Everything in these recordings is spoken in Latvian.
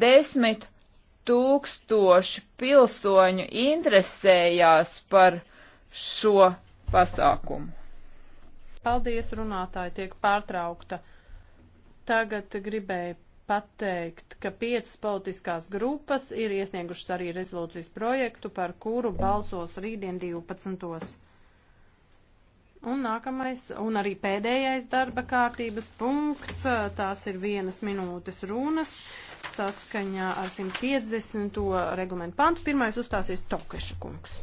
Desmit tūkstoši pilsoņu interesējās par šo pasākumu. Paldies, runātāji, tiek pārtraukta. Tagad gribēju pateikt, ka piecas politiskās grupas ir iesniegušas arī rezolūcijas projektu, par kuru balsos rītdien 12. Un nākamais un arī pēdējais darba kārtības punkts, tās ir vienas minūtes runas saskaņā ar 150. regulamentu pantu. Pirmais uzstāsies Tokeša kungs.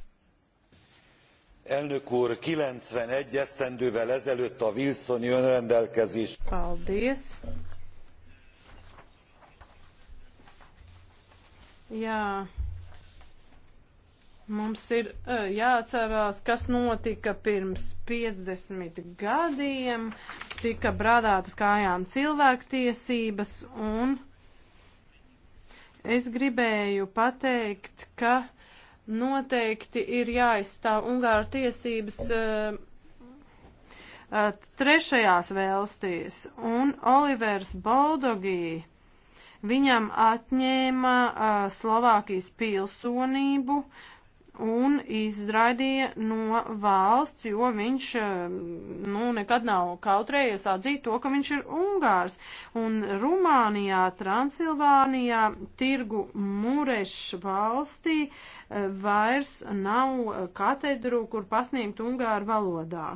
Elnök úr, 91 esztendővel ezelőtt a Wilsoni önrendelkezés. Paldies. Jā, Mums ir eh, jāatcerās, kas notika pirms 50 gadiem, tika brādātas kājām cilvēktiesības, un es gribēju pateikt, ka noteikti ir jāizstāv Ungāru tiesības. Uh, trešajās vēlstīs, un Olivers Boldogī viņam atņēma uh, Slovākijas pilsonību, un izraidīja no valsts, jo viņš eh, nu, nekad nav kautrējies atzīt to, ka viņš ir Ungārs. Un Rumānijā, Transilvānijā, tirgu Murešs valstī eh, vairs nav katedru, kur pasniegt Ungāru valodā.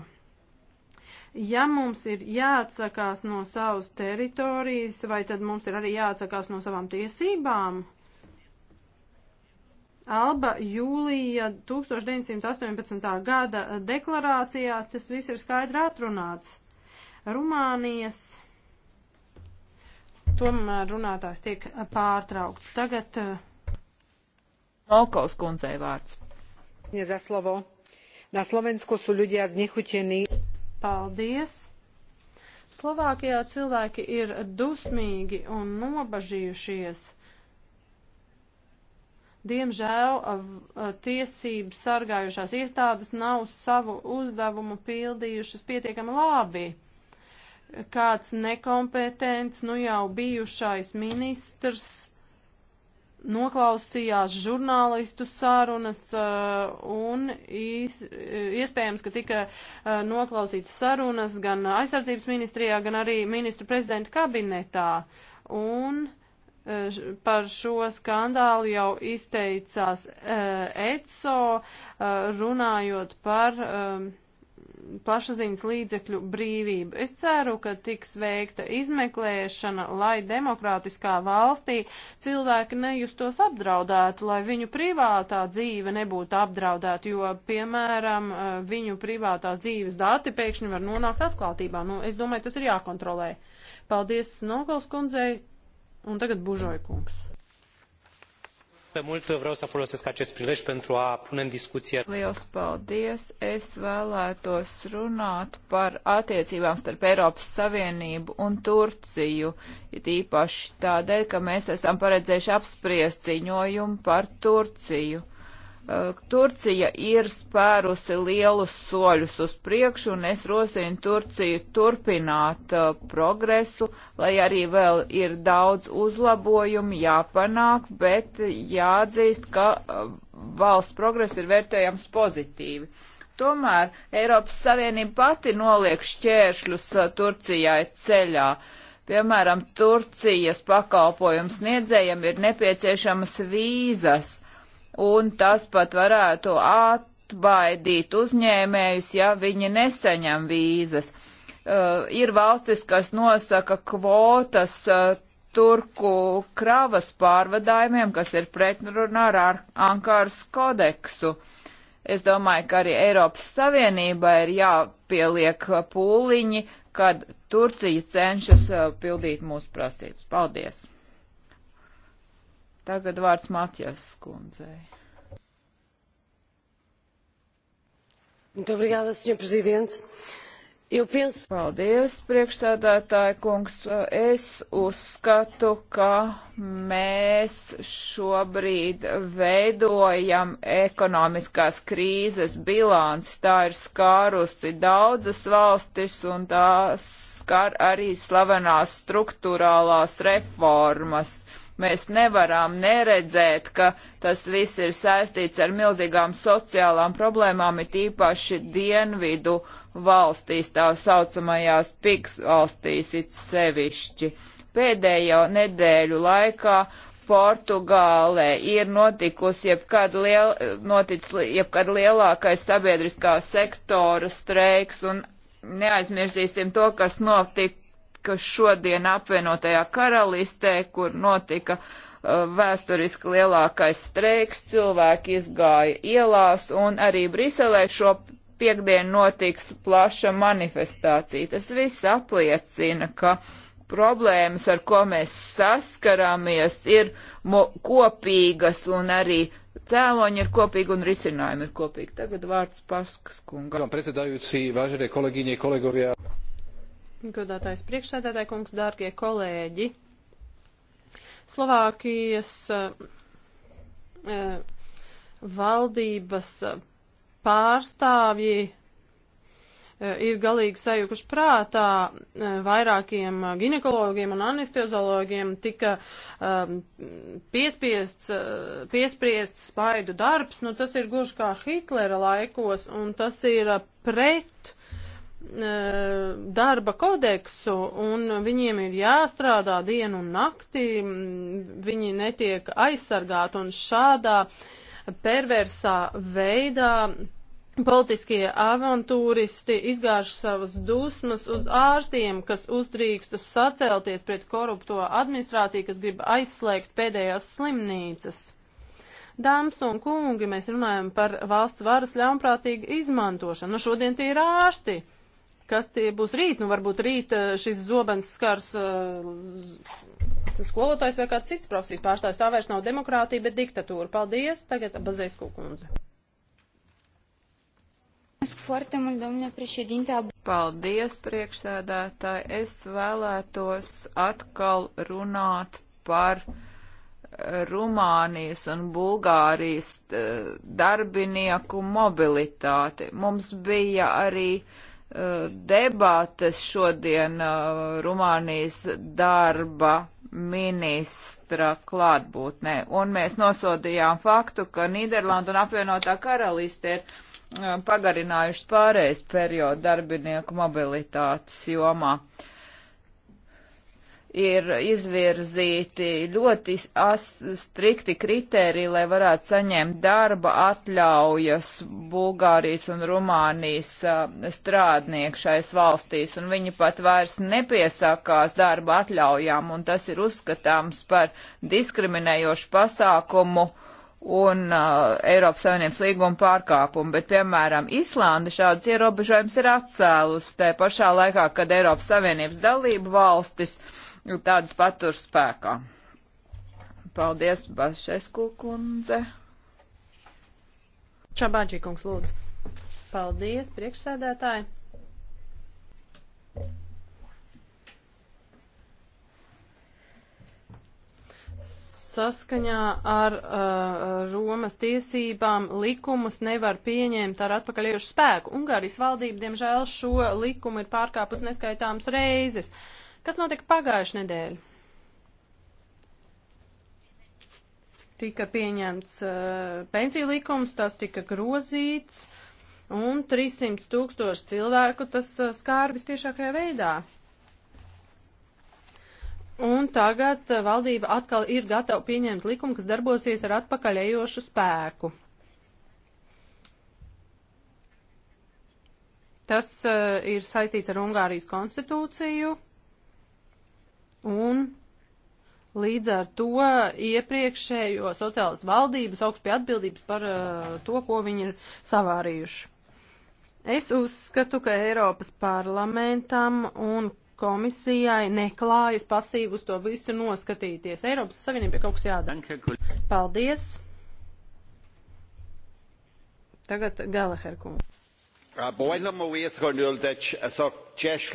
Ja mums ir jāatsakās no savas teritorijas, vai tad mums ir arī jāatsakās no savām tiesībām? Alba jūlija 1918. gada deklarācijā tas viss ir skaidri atrunāts. Rumānijas tomēr runātājs tiek pārtraukts. Tagad eh, Valkaus kundzei vārds. Za slovo. Na Slovensku sú ľudia znechutení. Paldies. Slovākijā cilvēki ir dusmīgi un nobažījušies Diemžēl tiesību sargājušās iestādes nav savu uzdevumu pildījušas pietiekami labi. Kāds nekompetents, nu jau bijušais ministrs noklausījās žurnālistu sarunas un iz, e, iespējams, ka tika noklausīts sarunas gan aizsardzības ministrijā, gan arī ministru prezidenta kabinetā. Un par šo skandālu jau izteicās e, ECO, e, runājot par e, plašsaziņas līdzekļu brīvību. Es ceru, ka tiks veikta izmeklēšana, lai demokrātiskā valstī cilvēki nejustos apdraudētu, lai viņu privātā dzīve nebūtu apdraudēta, jo, piemēram, viņu privātās dzīves dati pēkšņi var nonākt atklātībā. Nu, es domāju, tas ir jākontrolē. Paldies Nogals kundzei. Un tagad Bužoja kungs. Pe mult vreau să folosesc acest prilej pentru a pune în discuție. Liels paldies! Es vēlētos runāt par attiecībām starp Eiropas Savienību un Turciju, it īpaši tādēļ, ka mēs esam paredzējuši apspriest ziņojumu par Turciju. Eh, Turcija ir spērusi lielus soļus uz priekšu, un es rosinu Turciju turpināt uh, progresu, lai arī vēl ir daudz uzlabojumu jāpanāk, bet jāatzīst, ka uh, valsts progress ir vērtējams pozitīvi. Tomēr Eiropas Savienība pati noliek šķēršļus uh, Turcijai ceļā. Piemēram, Turcijas pakalpojums sniedzējiem ir nepieciešamas vīzas un tas pat varētu atbaidīt uzņēmējus, ja viņi nesaņem vīzas. Uh, ir valstis, kas nosaka kvotas uh, turku kravas pārvadājumiem, kas ir pretrunā ar Ankāras kodeksu. Es domāju, ka arī Eiropas Savienībai ir jāpieliek uh, pūliņi, kad Turcija cenšas uh, pildīt mūsu prasības. Paldies! Tagad vārds Matjas kundzei. Obrigada, Sr. Presidente. Eu penso... Paldies, priekšsēdētāji kungs. Es uzskatu, ka mēs šobrīd veidojam ekonomiskās krīzes bilanci. Tā ir skārusi daudzas valstis un tā skar arī slavenās struktūrālās reformas Mēs nevaram neredzēt, ka tas viss ir saistīts ar milzīgām sociālām problēmām, it īpaši dienvidu valstīs, tā saucamajās piks valstīs it sevišķi. Pēdējo nedēļu laikā Portugālē ir notikusi jebkad, liel, notic, jebkad lielākais sabiedriskā sektora streiks un neaizmirsīsim to, kas notika ka šodien apvienotajā karalistē, kur notika uh, vēsturiski lielākais streiks, cilvēki izgāja ielās, un arī Briselē šo piekdienu notiks plaša manifestācija. Tas viss apliecina, ka problēmas, ar ko mēs saskaramies, ir kopīgas un arī cēloņi ir kopīgi un risinājumi ir kopīgi. Tagad vārds Paskas kungam. Godātais priekšsēdētāji kungs, dārgie kolēģi. Slovākijas uh, valdības eh, pārstāvji ir galīgi sajukuši prātā. Vairākiem ginekologiem un anesteziologiem tika um, piespiests, piespriests spaidu darbs. Nu, tas ir gluži kā Hitlera laikos, un tas ir pret Eh, darba kodeksu un viņiem ir jāstrādā dienu un nakti, viņi netiek aizsargāti un šādā perversā veidā politiskie avantūristi izgāž savas dusmas uz ārstiem, kas uzdrīkstas sacelties pret korupto administrāciju, kas grib aizslēgt pēdējās slimnīcas. Dāmas un kungi, mēs runājam par valsts varas ļaunprātīgu izmantošanu. Nu, šodien tie ir ārsti kas tie būs rīt. Nu, varbūt rīt eh, šis zobens skars eh, skolotājs vai kāds cits prasīs pārstāvis. Tā vairs nav demokrātija, bet diktatūra. Paldies. Tagad Bazēsku kundze. Paldies, priekšsēdētāji. Es vēlētos atkal runāt par eh, Rumānijas un Bulgārijas darbinieku mobilitāti. Mums bija arī uh, debātes šodien uh, Rumānijas darba ministra klātbūtnē. Un mēs nosodījām faktu, ka Nīderlanda un apvienotā karaliste ir uh, pagarinājuši pārējais periodu darbinieku mobilitātes jomā. Uh, ir izvirzīti ļoti strikti kriteriji, lai varētu saņemt darba atļaujas Bulgārijas un Rumānijas strādnieku šais valstīs, un viņi pat vairs nepiesakās darba atļaujām, un tas ir uzskatāms par diskriminējošu pasākumu un uh, Eiropas Savienības līguma pārkāpumu, bet, piemēram, Islanda šādas ierobežojums ir atcēlus, te pašā laikā, kad Eiropas Savienības dalību valstis uh, tādus patur spēkā. Paldies, Bašesku kundze. Čabāģī kungs, lūdzu. Paldies, priekšsēdētāji. saskaņā ar uh, Romas tiesībām likumus nevar pieņemt ar atpakaļiešu spēku. Ungārijas valdība, diemžēl, šo likumu ir pārkāpus neskaitāmas reizes. Uh, Kas notika pagājušajā nedēļā? Tika pieņemts uh, pensiju likums, tas tika grozīts, un 300 tūkstoši cilvēku tas uh, skāra vistiešākajā veidā. Un tagad uh, valdība atkal ir gatava pieņemt likumu, kas darbosies ar atpakaļējošu spēku. Tas uh, ir saistīts ar Ungārijas konstitūciju. Un līdz ar to iepriekšējo sociālistu valdību sauc pie atbildības par uh, to, ko viņi ir savārījuši. Es uzskatu, ka Eiropas parlamentam un komisijai neklājas pasīvi uz to visu noskatīties. Eiropas Savienībai kaut kas jādara. Paldies! Tagad Galaherkungs. Boilam, uies, hogy ültecs, szok Es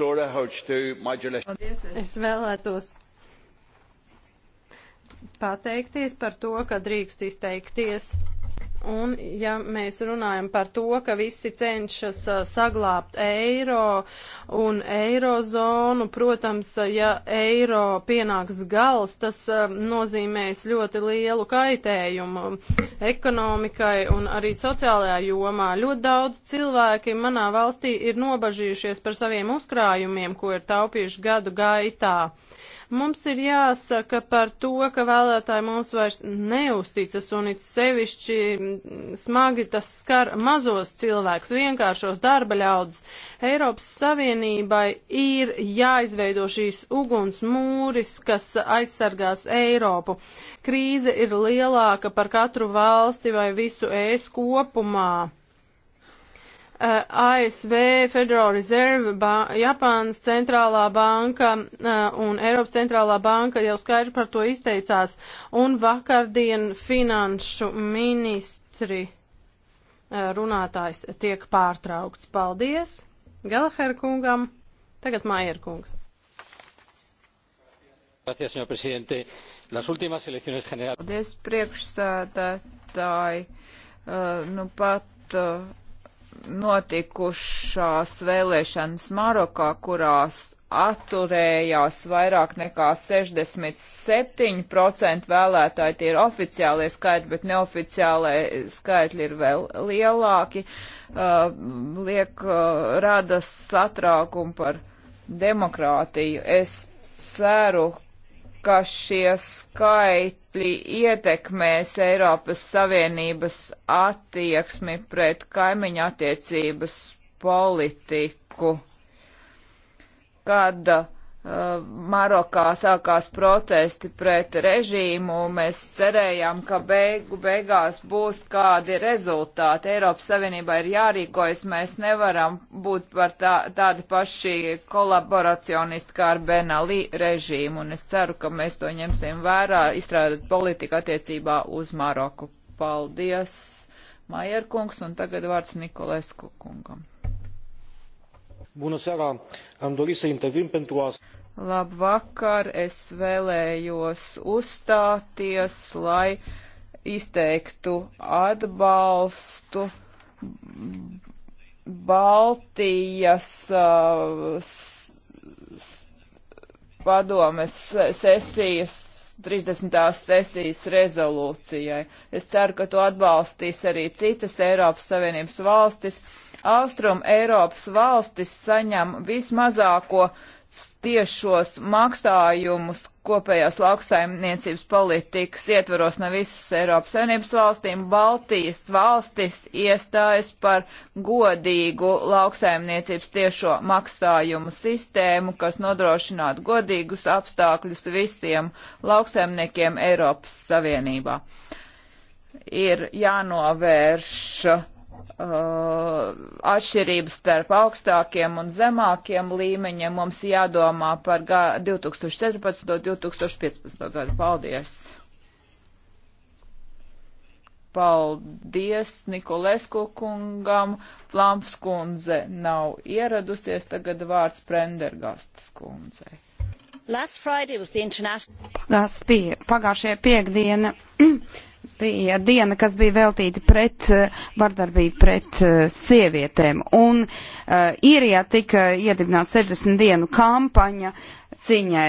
vēlētos pateikties par to, ka drīkst izteikties. Un, ja mēs runājam par to, ka visi cenšas uh, saglābt eiro un eirozonu, protams, uh, ja eiro pienāks gals, tas uh, nozīmēs ļoti lielu kaitējumu ekonomikai un arī sociālajā jomā. Ļoti daudz cilvēki manā valstī ir nobažījušies par saviem uzkrājumiem, ko ir taupījuši gadu gaitā. Uh, Mums ir jāsaka par to, ka vēlētāji mums vairs neusticas un it sevišķi mm, smagi tas skar mazos cilvēkus, vienkāršos darba ļaudis. Eiropas Savienībai ir jāizveido šīs uguns mūris, kas aizsargās Eiropu. Krīze ir lielāka par katru valsti vai visu ēs kopumā ASV, Federal Reserve, ba Japānas centrālā banka un Eiropas centrālā banka jau skaidri par to izteicās. Un vakardien finanšu ministri runātājs tiek pārtraukts. Paldies Galaher kungam. Tagad Maier kungs. Gracias, señor presidente. Las últimas elecciones generales. Paldies, priekšsēdētāji. Uh, nu pat uh, notikušās vēlēšanas Marokā, kurās atturējās vairāk nekā 67% vēlētāji, tie ir oficiālie skaitļi, bet neoficiālie skaitļi ir vēl lielāki, uh, liek uh, rada satraukumu par demokrātiju. Es ceru, ka šie skaitļi ietekmēs Eiropas Savienības attieksmi pret kaimiņu attiecības politiku, kad uh, Marokā sākās protesti pret režīmu, mēs cerējām, ka beigu beigās būs kādi rezultāti. Eiropas Savienībā ir jārīkojas, mēs nevaram būt par tā, tādi paši kolaboracionisti kā ar Benali režīmu, un es ceru, ka mēs to ņemsim vērā, izstrādāt politiku attiecībā uz Maroku. Paldies, Majerkungs, un tagad vārds Nikolēsku kungam. Bună seara! Am dorit să intervin pentru a... Labvakar! Es vēlējos uzstāties, lai izteiktu atbalstu Baltijas uh, padomes sesijas 30. sesijas rezolūcijai. Es ceru, ka to atbalstīs arī citas Eiropas Savienības valstis. Uh, Austrum Eiropas valstis saņem vismazāko tiešos maksājumus kopējās lauksaimniecības politikas ietvaros no visas Eiropas Savienības valstīm. Baltijas valstis iestājas par godīgu lauksaimniecības tiešo maksājumu sistēmu, kas nodrošinātu godīgus apstākļus visiem lauksaimniekiem Eiropas Savienībā. Ir jānovērš uh, Uh, atšķirības starp augstākiem un zemākiem līmeņiem mums jādomā par 2014. un 2015. gadu. Paldies! Paldies Nikolesku kungam. Flams kundze nav ieradusies, tagad vārds Prendergastas kundzei. Pagās pie, pagājušajā piekdiena bija diena, kas bija veltīta pret eh, vardarbību pret eh, sievietēm. Un uh, eh, īrijā tika iedibināta 60 dienu kampaņa cīņai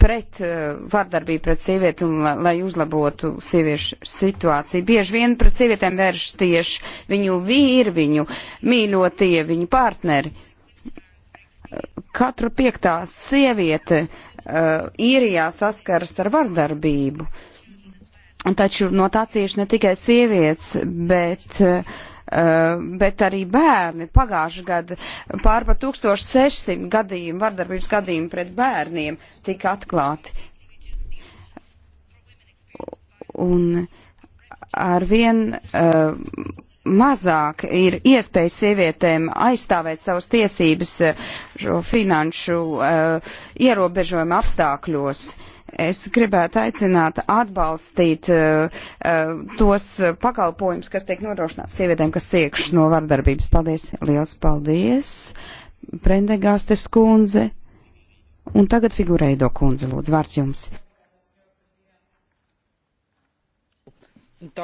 pret uh, vardarbību pret sievieti un lai uzlabotu sieviešu situāciju. Bieži vien pret sievietēm vērš tieši viņu vīri, viņu mīļotie, viņu partneri. Katra piektā sieviete uh, īrijā saskaras ar vardarbību. Uh, Taču no tā cieši ne tikai sievietes, bet, eh, bet arī bērni. Pagājuši gadu pār par 1600 gadījumu, vardarbības gadījumu pret bērniem tika atklāti. Un arvien eh, mazāk ir iespēja sievietēm aizstāvēt savas tiesības eh, šo finanšu ierobežojumu apstākļos. Es gribētu aicināt atbalstīt uh, uh, tos pakalpojumus, kas tiek nodrošināts sievietēm, kas cieš no vardarbības. Paldies! Liels paldies! Prendegāstes kundze! Un tagad figurēdo kundze, lūdzu, vārds jums!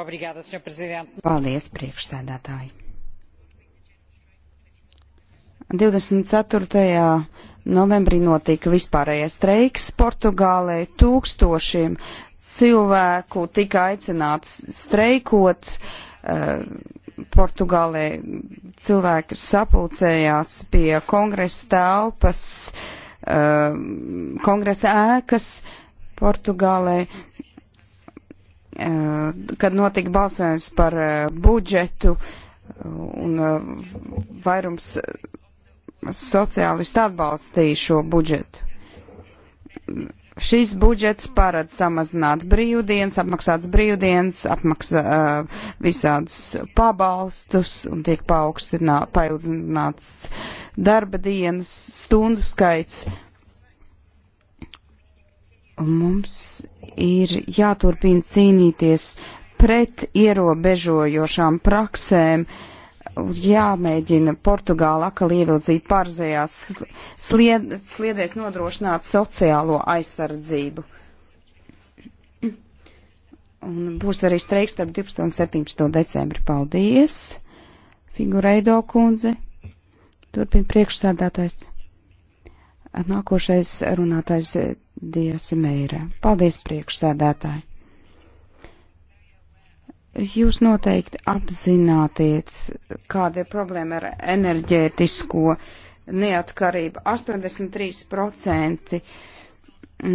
Obrigada, paldies, priekšsēdētāji! 24. Novembrī notika vispārējais streiks Portugālē. Tūkstošiem cilvēku tika aicināts streikot. Uh, Portugālē cilvēki sapulcējās pie kongresa telpas, uh, kongresa ēkas Portugālē, uh, kad notika balsojums par budžetu un vairums sociālisti atbalstīja šo budžetu. Šis budžets paredz samazināt brīvdienas, apmaksāts brīvdienas, apmaksā uh, visādus pabalstus un tiek paaugstināts darba dienas stundu skaits. Un mums ir jāturpina cīnīties pret ierobežojošām praksēm, uh, jāmēģina Portugāla akal ievilzīt pārzējās slied, sliedēs nodrošināt sociālo aizsardzību. Un būs arī streiks starp 12. un 17. decembri. Paldies, Figureido kundze. Turpin priekšstādātājs. Nākošais runātājs Dievs Meira. Paldies, priekšstādātāji. Jūs noteikti apzināties, kāda ir problēma ar enerģētisko neatkarību. 83%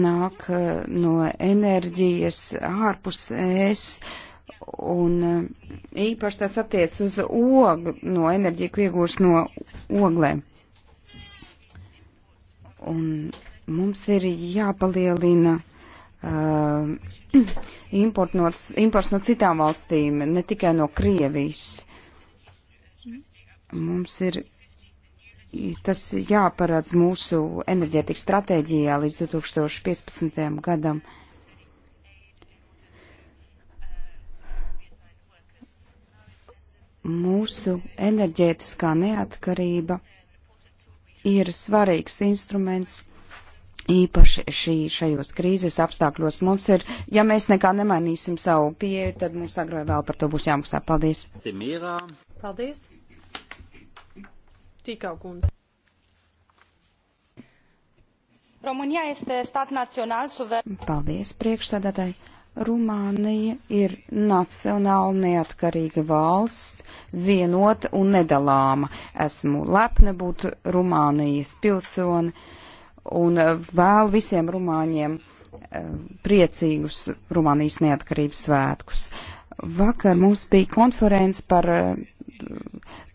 nāk eh, no enerģijas ārpus ēs, un eh, īpaši tas attiec uz ogu, no enerģiju, ko iegūst no oglēm. Un mums ir jāpalielina Um, import no, imports no citām valstīm, ne tikai no Krievijas. Mums ir tas jāparāds mūsu enerģētikas stratēģijā līdz 2015. gadam. Mūsu enerģētiskā neatkarība ir svarīgs instruments Īpaši šī, šajos krīzes apstākļos mums ir, ja mēs nekā nemainīsim savu pieeju, tad mums agrāk vēl par to būs jāmaksā. Paldies! Paldies! Tikau kundze! România este stat național suveran. Paldies, priekšsēdētāji. Rumānija ir nacionāli neatkarīga valsts, vienota un nedalāma. Esmu lepna būt Rumānijas pilsoni un eh, vēl visiem rumāņiem eh, priecīgus Rumānijas neatkarības svētkus. Vakar mums bija konference par eh,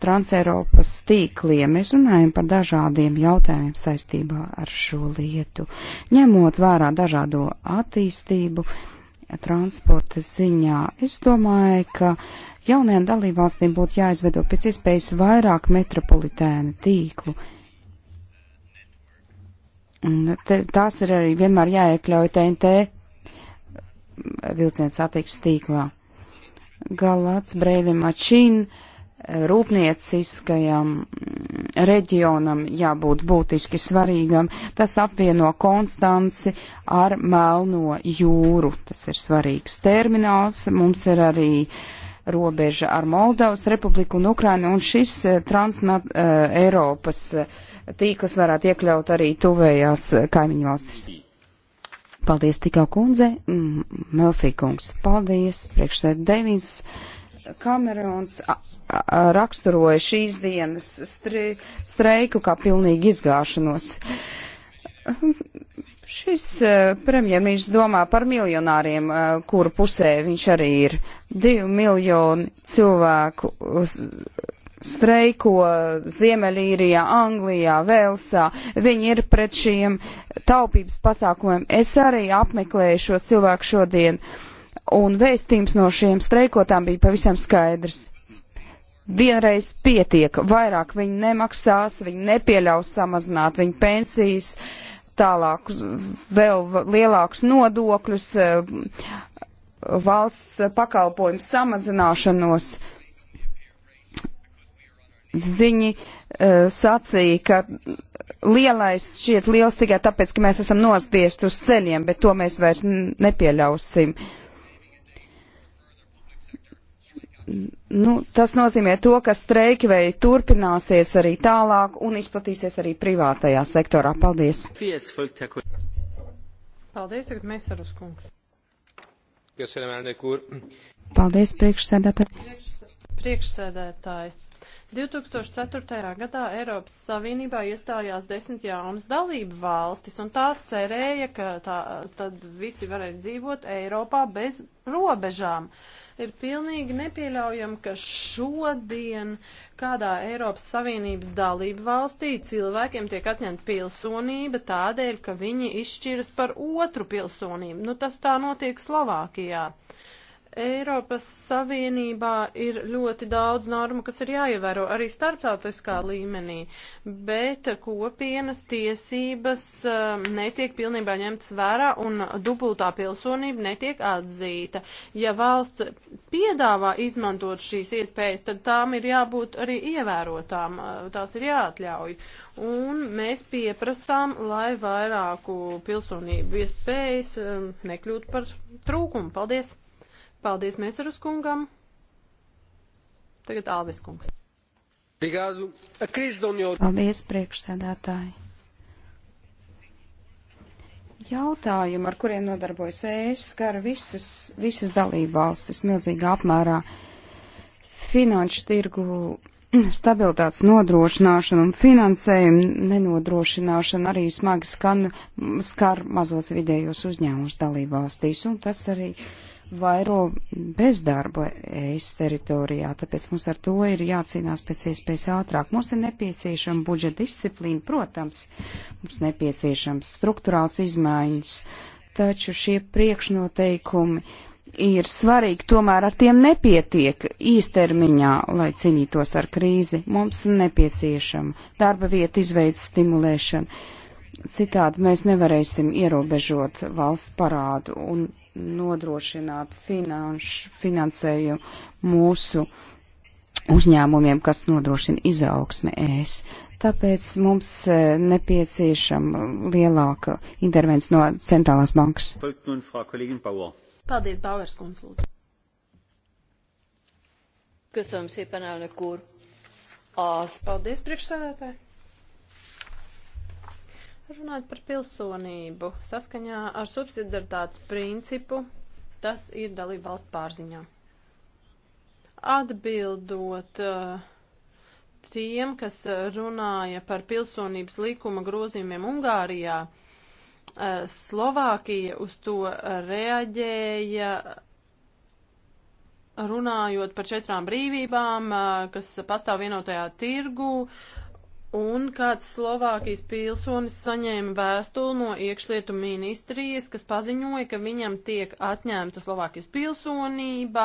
Transeiropas tīkliem. Mēs runājam par dažādiem jautājumiem saistībā ar šo lietu. Ņemot vērā dažādo attīstību transporta ziņā, es domāju, ka jaunajām dalībvalstīm būtu jāizveido pēc iespējas vairāk metropolitēnu tīklu Un te, tās ir arī vienmēr jāiekļauj TNT vilcienu satiksmes tīklā. Galāts Breilim Mačīn rūpnieciskajam reģionam jābūt būtiski svarīgam. Tas apvieno Konstanci ar Melno jūru. Tas ir svarīgs termināls. Mums ir arī uh, robeža ar Moldovas republiku un Ukrainu, un šis eh, transnat uh, Eiropas eh, tīkls varētu iekļaut arī tuvējās kaimiņu valstis. Paldies tikā kundze, mm, Melfī kungs. Paldies, priekšsēd Devins. Kamerons raksturoja šīs dienas streiku kā pilnīgi izgāšanos. Šis eh, premjerministrs domā par miljonāriem, eh, kuru pusē viņš arī ir. Divi miljoni cilvēku streiko Ziemeļīrijā, Anglijā, Velsā. Viņi ir pret šiem taupības pasākumiem. Es arī apmeklēju šo cilvēku šodien, un vēstījums no šiem streikotām bija pavisam skaidrs. Vienreiz pietiek, vairāk viņi nemaksās, viņi nepieļaus samazināt viņu pensijas. Uh, tālāk vēl lielākus nodokļus, eh, valsts pakalpojumu samazināšanos. Viņi eh, sacīja, ka lielais šķiet liels tikai tāpēc, ka mēs esam nospiest uz ceļiem, bet to mēs vairs nepieļausim. Uh, Nu, tas nozīmē to, ka streikveji turpināsies arī tālāk un izplatīsies arī privātajā sektorā. Paldies! Paldies, tagad mēs ar uzkungs. Paldies, priekšsēdētāji. Priekšsēdētāji 2004. gadā Eiropas Savienībā iestājās desmit jaunas dalību valstis, un tās cerēja, ka tā, tad visi varēs dzīvot Eiropā bez robežām. Ir pilnīgi nepieļaujami, ka šodien kādā Eiropas Savienības dalību valstī cilvēkiem tiek atņemta pilsonība tādēļ, ka viņi izšķiras par otru pilsonību. Nu, tas tā notiek Slovākijā. Uh, Eiropas Savienībā ir ļoti daudz normu, kas ir jāievēro arī starptautiskā līmenī, bet kopienas tiesības eh, netiek pilnībā ņemtas vērā un dubultā pilsonība netiek atzīta. Ja valsts piedāvā izmantot šīs iespējas, tad tām ir jābūt arī ievērotām, eh, tās ir jāatļauj. Un mēs pieprasām, lai vairāku pilsonību iespējas eh, nekļūtu par trūkumu. Paldies! Paldies Mēsaras kungam. Tagad Alves kungs. Paldies, priekšsēdētāji. Jautājumi, ar kuriem nodarbojas ES, skar visus, visas dalību valstis milzīgā apmērā. Finanšu tirgu stabilitātes nodrošināšana un finansējuma nenodrošināšana arī smagi skan, skar mazos vidējos uzņēmumus dalību valstīs, un tas arī uh, vairo bezdarba ES teritorijā, tāpēc mums ar to ir jācīnās pēc iespējas ātrāk. Mums ir nepieciešama budžeta disciplīna, protams, mums nepieciešams struktūrāls izmaiņas, taču šie priekšnoteikumi ir svarīgi, tomēr ar tiem nepietiek īstermiņā, lai cīnītos ar krīzi. Mums nepieciešama darba vieta izveids stimulēšana. Citādi mēs nevarēsim ierobežot valsts parādu un nodrošināt finanš, finansējumu mūsu uzņēmumiem, kas nodrošina izaugsmi ēs. Tāpēc mums e, nepieciešama lielāka intervences no centrālās bankas. Paldies, Bauers kundz, lūdzu. Köszönöm szépen, elnök úr. Az... Paldies, priekšsēdētāji. Runājot par pilsonību, saskaņā ar subsidaritātes principu, tas ir dalība valsts pārziņā. Atbildot eh, tiem, kas eh, runāja par pilsonības likuma grozījumiem Ungārijā, eh, Slovākija uz to reaģēja runājot par četrām brīvībām, kas pastāv vienotajā tirgu, Un kāds Slovākijas pilsonis saņēma vēstuli no iekšlietu ministrijas, kas paziņoja, ka viņam tiek atņemta Slovākijas pilsonība,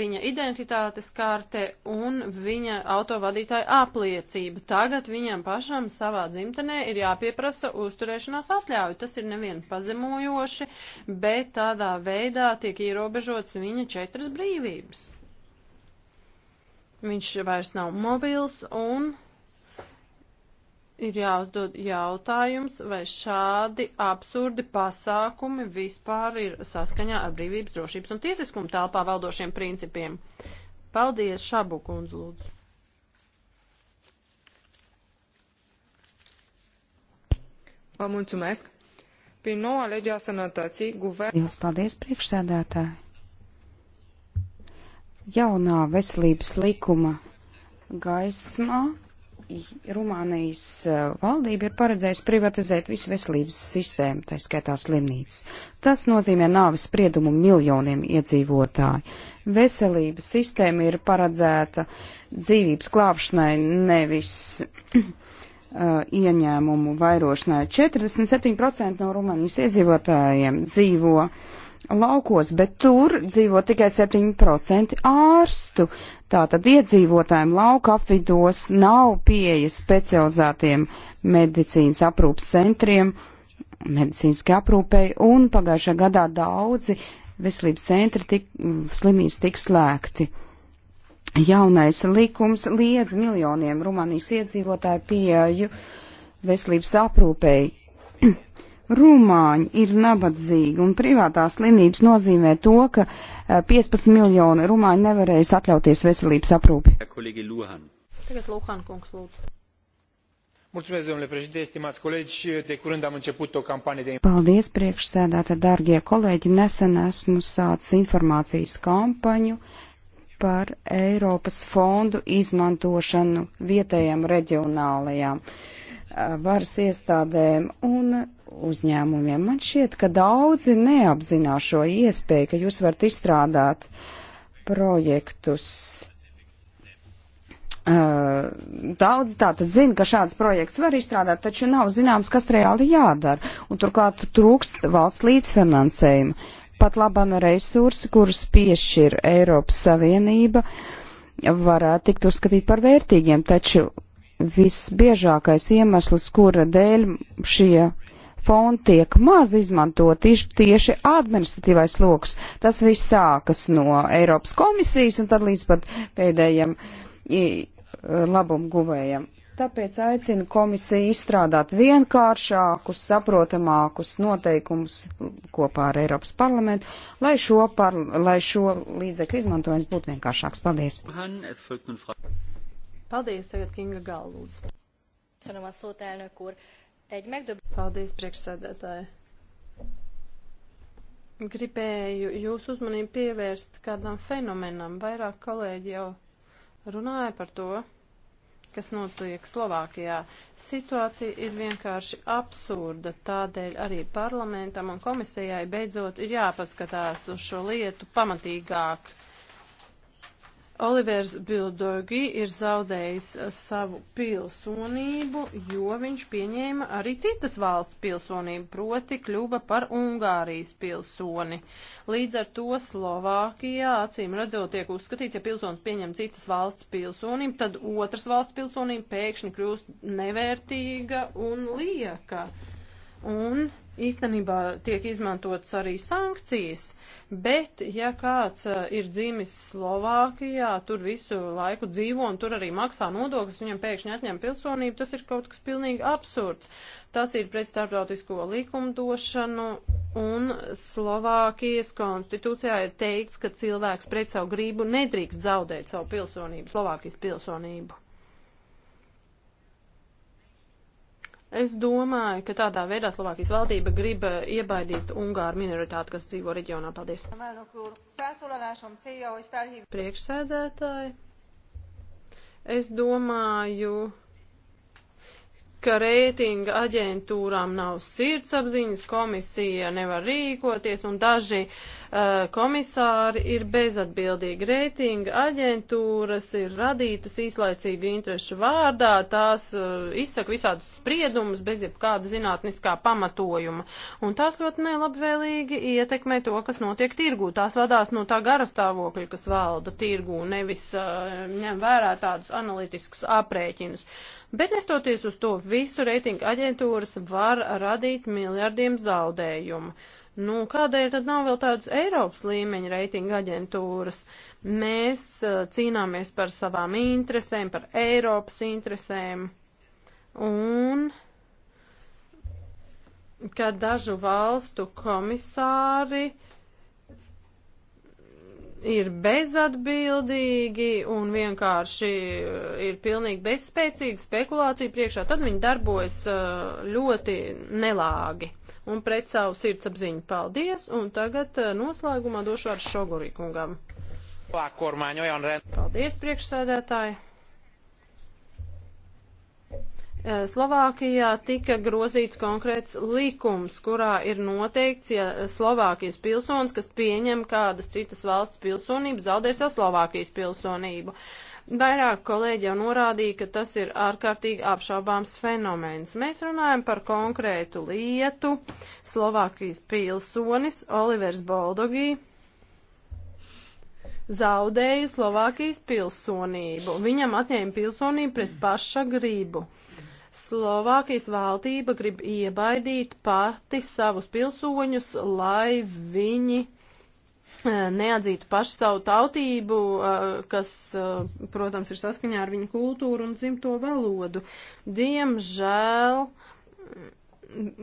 viņa identitātes karte un viņa autovadītāja apliecība. Tagad viņam pašam savā dzimtenē ir jāpieprasa uzturēšanās atļauja. Tas ir nevien pazemojoši, bet tādā veidā tiek ierobežots viņa četras brīvības. Viņš vairs nav mobils un ir jāuzdod jautājums, vai šādi absurdi pasākumi vispār ir saskaņā ar brīvības, drošības un tiesiskuma telpā valdošiem principiem. Paldies, Šabu kundz, lūdzu. Vă mulțumesc. Prin noua lege a sănătății, guvernul... Liels paldies, priekšsēdētāji. Jaunā veselības likuma gaismā Rumānijas valdība ir paredzējusi privatizēt visu veselības sistēmu, tā skaitā slimnīcas. Tas nozīmē nāvis spriedumu miljoniem iedzīvotāju. Veselības sistēma ir paredzēta dzīvības klāpšanai, nevis ieņēmumu vairošanai. 47% no Rumānijas iedzīvotājiem dzīvo uh, laukos, bet tur dzīvo tikai 7% ārstu. Tātad iedzīvotājiem lauka apvidos nav pieejas specializētiem medicīnas aprūpas centriem, medicīniskai aprūpei, un pagājušā gadā daudzi veselības centri tik, slimīs tik slēgti. Jaunais likums liedz miljoniem Rumānijas iedzīvotāju pieeju veselības aprūpei. rumāņi ir nabadzīgi, un privātās slimības nozīmē to, ka 15 eh, miljoni rumāņi nevarēs atļauties veselības aprūpi. Tagad Luhan kungs lūdzu. Mulțumesc, domnule președinte, stimați colegi, de curând am început o campanie de... Paldies, priekšsēdētā, dārgie kolēģi, nesen esmu sācis informācijas kampaņu par Eiropas fondu izmantošanu vietējām reģionālajām uh, varas iestādēm un uzņēmumiem. Man šķiet, ka daudzi neapzinā šo iespēju, ka jūs varat izstrādāt projektus. Daudz tātad zina, ka šāds projekts var izstrādāt, taču nav zināms, kas reāli jādara, un turklāt trūkst valsts līdzfinansējuma. Pat labana resursi, kurus piešķir Eiropas Savienība, varētu tikt uzskatīt par vērtīgiem, taču visbiežākais iemesls, kura dēļ šie fondi tiek maz izmantot, ir tieši administratīvais lokus. Tas viss sākas no Eiropas komisijas un tad līdz pat pēdējiem labumu guvējiem. Tāpēc aicinu komisiju izstrādāt vienkāršākus, saprotamākus noteikumus kopā ar Eiropas parlamentu, lai šo, par, lai šo līdzekļu izmantojums būtu vienkāršāks. Paldies! Paldies, tagad Kinga Galvūds. Paldies, priekšsēdētāji. Gribēju jūsu uzmanību pievērst kādam fenomenam. Vairāk kolēģi jau runāja par to, kas notiek Slovākijā. Situācija ir vienkārši absurda, tādēļ arī parlamentam un komisijai beidzot ir jāpaskatās uz šo lietu pamatīgāk Olivers Bildogi ir zaudējis eh, savu pilsonību, jo viņš pieņēma arī citas valsts pilsonību, proti kļuva par Ungārijas pilsoni. Līdz ar to Slovākijā, acīm redzot, tiek uzskatīts, ja pilsonis pieņem citas valsts pilsonību, tad otras valsts pilsonība pēkšņi kļūst nevērtīga un lieka un īstenībā tiek izmantotas arī sankcijas, bet ja kāds eh, ir dzimis Slovākijā, tur visu laiku dzīvo un tur arī maksā nodokļus, viņam pēkšņi atņem pilsonību, tas ir kaut kas pilnīgi absurds. Tas ir pret starptautisko likumdošanu un Slovākijas konstitūcijā ir teikts, ka cilvēks pret savu gribu nedrīkst zaudēt savu pilsonību, Slovākijas pilsonību. Es domāju, ka tādā veidā Slovākijas valdība grib eh, iebaidīt Ungāru minoritāti, kas dzīvo reģionā. Paldies. Priekšsēdētāji, es domāju, ka reitinga aģentūrām nav sirdsapziņas, komisija nevar rīkoties un daži uh, komisāri ir bezatbildīgi. Reitinga aģentūras ir radītas īslaicīgi interešu vārdā, tās uh, izsaka visādus spriedumus bez jebkāda zinātniskā pamatojuma. Un tās ļoti nelabvēlīgi ietekmē to, kas notiek tirgū. Tās vadās no tā gara stāvokļa, kas valda tirgū, nevis uh, ņem vērā tādus analītiskus aprēķinus. Bet nestoties uz to visu, reitinga aģentūras var radīt miljardiem zaudējumu. Nu, kādēļ tad nav vēl tādas Eiropas līmeņa reitinga aģentūras? Mēs uh, cīnāmies par savām interesēm, par Eiropas interesēm. Un kad dažu valstu komisāri uh, ir bezatbildīgi un vienkārši eh, ir pilnīgi bezspēcīgi spekulācija priekšā, tad viņi darbojas eh, ļoti nelāgi un pret savu sirdsapziņu. Paldies, un tagad eh, noslēgumā došu ar Šogurikungam. Paldies, priekšsēdētāji! Eh, Slovākijā tika grozīts konkrēts likums, kurā ir noteikts, ja Slovākijas pilsonis, kas pieņem kādas citas valsts pilsonību, zaudēs jau Slovākijas pilsonību. Vairāk kolēģi jau norādīja, ka tas ir ārkārtīgi apšaubāms fenomens. Mēs runājam par konkrētu lietu. Slovākijas pilsonis Olivers Boldogī zaudēja Slovākijas pilsonību. Viņam atņēma pilsonību pret paša gribu. Mm. Slovākijas valdība grib iebaidīt pati savus pilsoņus, lai viņi eh, neatzītu pašu savu tautību, eh, kas, eh, protams, ir saskaņā ar viņu kultūru un dzimto valodu. Diemžēl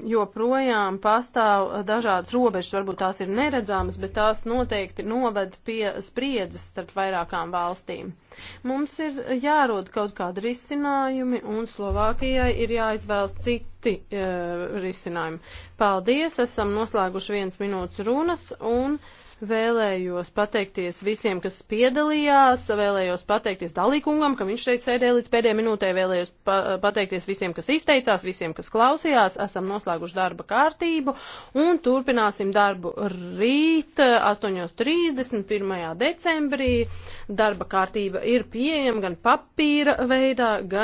joprojām pastāv dažādas robežas, varbūt tās ir neredzamas, bet tās noteikti noved pie spriedzes starp vairākām valstīm. Mums ir jārod kaut kādi risinājumi, un Slovākijai ir jāizvēlas citi e, risinājumi. Paldies, esam noslēguši viens minūtes runas, un e, Vēlējos pateikties visiem, kas piedalījās, vēlējos pateikties dalīkungam, ka viņš šeit sēdēja līdz pēdējai minūtē, vēlējos pa pateikties visiem, kas izteicās, visiem, kas klausījās. Esam noslēguši darba kārtību un turpināsim darbu rīt 8.31. decembrī. Darba kārtība ir pieejama gan papīra veidā, gan